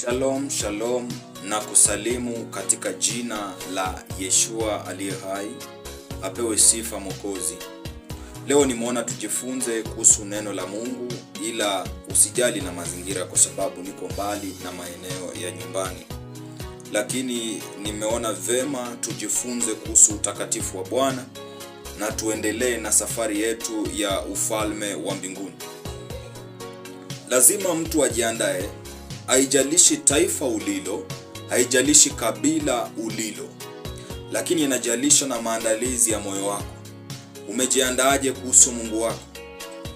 Shalom, shalom na kusalimu katika jina la Yeshua aliye hai, apewe sifa Mwokozi. Leo nimeona tujifunze kuhusu neno la Mungu, ila usijali na mazingira, kwa sababu niko mbali na maeneo ya nyumbani, lakini nimeona vema tujifunze kuhusu utakatifu wa Bwana na tuendelee na safari yetu ya ufalme wa mbinguni. Lazima mtu ajiandae Haijalishi taifa ulilo, haijalishi kabila ulilo, lakini inajalisha na maandalizi ya moyo wako. Umejiandaaje kuhusu Mungu wako?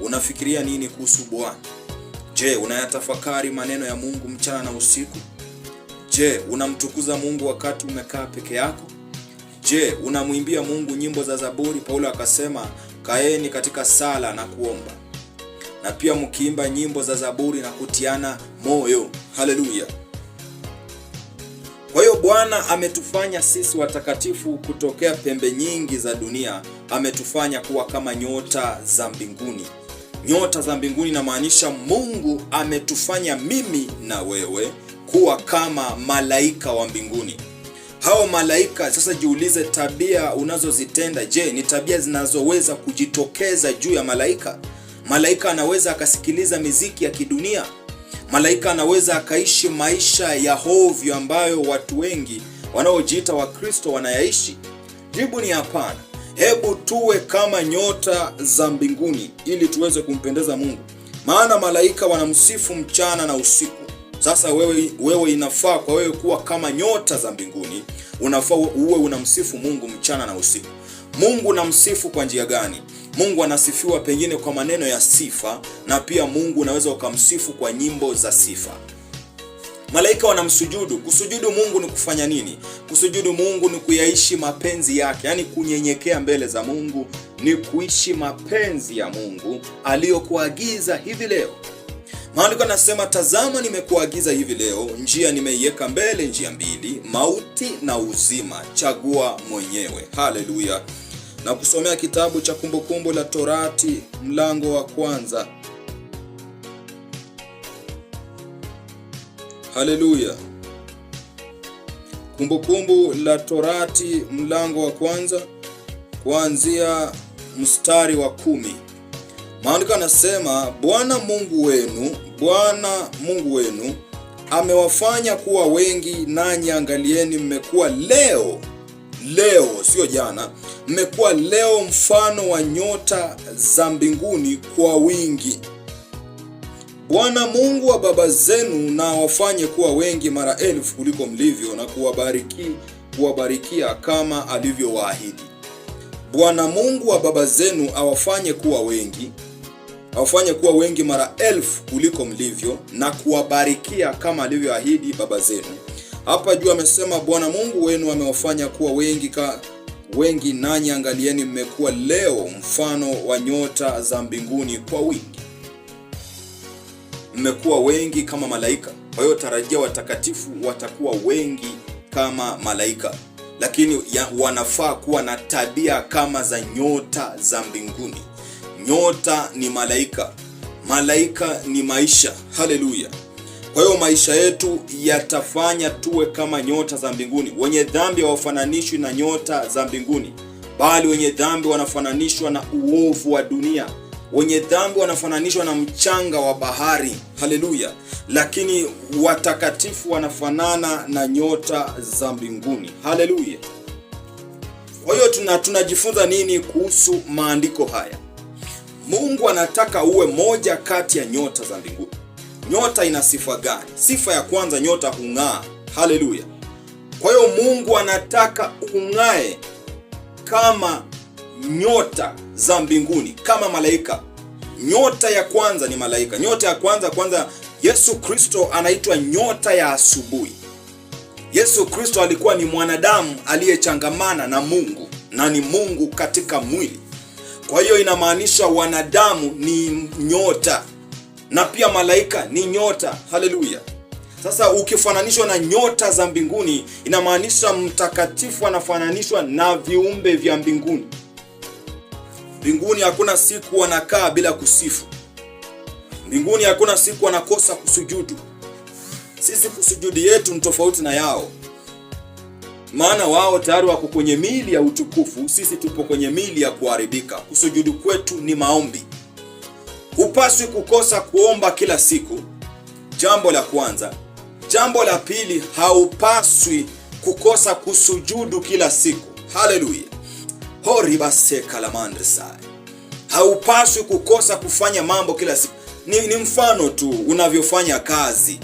Unafikiria nini kuhusu Bwana? Je, unayatafakari maneno ya Mungu mchana na usiku? Je, unamtukuza Mungu wakati umekaa peke yako? Je, unamwimbia Mungu nyimbo za Zaburi? Paulo akasema, kaeni katika sala na kuomba na pia mkiimba nyimbo za Zaburi na kutiana moyo. Haleluya! Kwa hiyo Bwana ametufanya sisi watakatifu kutokea pembe nyingi za dunia, ametufanya kuwa kama nyota za mbinguni. Nyota za mbinguni inamaanisha Mungu ametufanya mimi na wewe kuwa kama malaika wa mbinguni. Hao malaika sasa, jiulize, tabia unazozitenda, je, ni tabia zinazoweza kujitokeza juu ya malaika? Malaika anaweza akasikiliza miziki ya kidunia. Malaika anaweza akaishi maisha ya hovyo ambayo watu wengi wanaojiita Wakristo wanayaishi. Jibu ni hapana. Hebu tuwe kama nyota za mbinguni ili tuweze kumpendeza Mungu, maana malaika wanamsifu mchana na usiku. Sasa wewe, wewe inafaa kwa wewe kuwa kama nyota za mbinguni, unafaa uwe unamsifu Mungu mchana na usiku. Mungu namsifu kwa njia gani? Mungu anasifiwa pengine kwa maneno ya sifa, na pia Mungu unaweza ukamsifu kwa nyimbo za sifa. Malaika wanamsujudu. Kusujudu Mungu ni kufanya nini? Kusujudu Mungu ni kuyaishi mapenzi yake, yaani kunyenyekea mbele za Mungu ni kuishi mapenzi ya Mungu aliyokuagiza hivi leo. Maandiko anasema, tazama, nimekuagiza hivi leo, njia nimeiweka mbele, njia mbili, mauti na uzima, chagua mwenyewe. Haleluya! na kusomea kitabu cha Kumbukumbu la Torati mlango wa kwanza. Haleluya! Kumbukumbu la Torati mlango wa kwanza kuanzia mstari wa kumi. Maandiko anasema Bwana Mungu wenu, Bwana Mungu wenu amewafanya kuwa wengi, nanyi angalieni mmekuwa leo leo, sio jana, mmekuwa leo mfano wa nyota za mbinguni kwa wingi. Bwana Mungu wa baba zenu na wafanye kuwa wengi mara elfu kuliko mlivyo, na kuwabariki kuwabarikia kama alivyowaahidi. Bwana Mungu wa baba zenu awafanye kuwa wengi awafanye kuwa wengi mara elfu kuliko mlivyo, na kuwabarikia kama alivyoahidi baba zenu. Hapa juu amesema, Bwana Mungu wenu amewafanya kuwa wengi ka wengi, nanyi angalieni, mmekuwa leo mfano wa nyota za mbinguni kwa wingi. Mmekuwa wengi kama malaika. Kwa hiyo tarajia watakatifu watakuwa wengi kama malaika, lakini ya wanafaa kuwa na tabia kama za nyota za mbinguni. Nyota ni malaika, malaika ni maisha. Haleluya! Kwa hiyo maisha yetu yatafanya tuwe kama nyota za mbinguni. Wenye dhambi hawafananishwi na nyota za mbinguni, bali wenye dhambi wanafananishwa na uovu wa dunia. Wenye dhambi wanafananishwa na mchanga wa bahari. Haleluya! Lakini watakatifu wanafanana na nyota za mbinguni. Haleluya! Kwa hiyo tuna tunajifunza nini kuhusu maandiko haya? Mungu anataka uwe moja kati ya nyota za mbinguni. Nyota ina sifa gani? Sifa ya kwanza, nyota hung'aa. Haleluya! Kwa hiyo Mungu anataka ung'ae kama nyota za mbinguni, kama malaika. Nyota ya kwanza ni malaika. Nyota ya kwanza kwanza, Yesu Kristo anaitwa nyota ya asubuhi. Yesu Kristo alikuwa ni mwanadamu aliyechangamana na Mungu na ni Mungu katika mwili. Kwa hiyo inamaanisha wanadamu ni nyota na pia malaika ni nyota. Haleluya! Sasa ukifananishwa na nyota za mbinguni, inamaanisha mtakatifu anafananishwa na viumbe vya mbinguni. Mbinguni hakuna siku wanakaa bila kusifu. Mbinguni hakuna siku wanakosa kusujudu. Sisi kusujudi yetu ni tofauti na yao, maana wao tayari wako kwenye mili ya utukufu, sisi tupo kwenye mili ya kuharibika. Kusujudu kwetu ni maombi. Hupaswi kukosa kuomba kila siku, jambo la kwanza. Jambo la pili, haupaswi kukosa kusujudu kila siku. Haleluya, horibasekalamandrsa. Haupaswi kukosa kufanya mambo kila siku. Ni, ni mfano tu unavyofanya kazi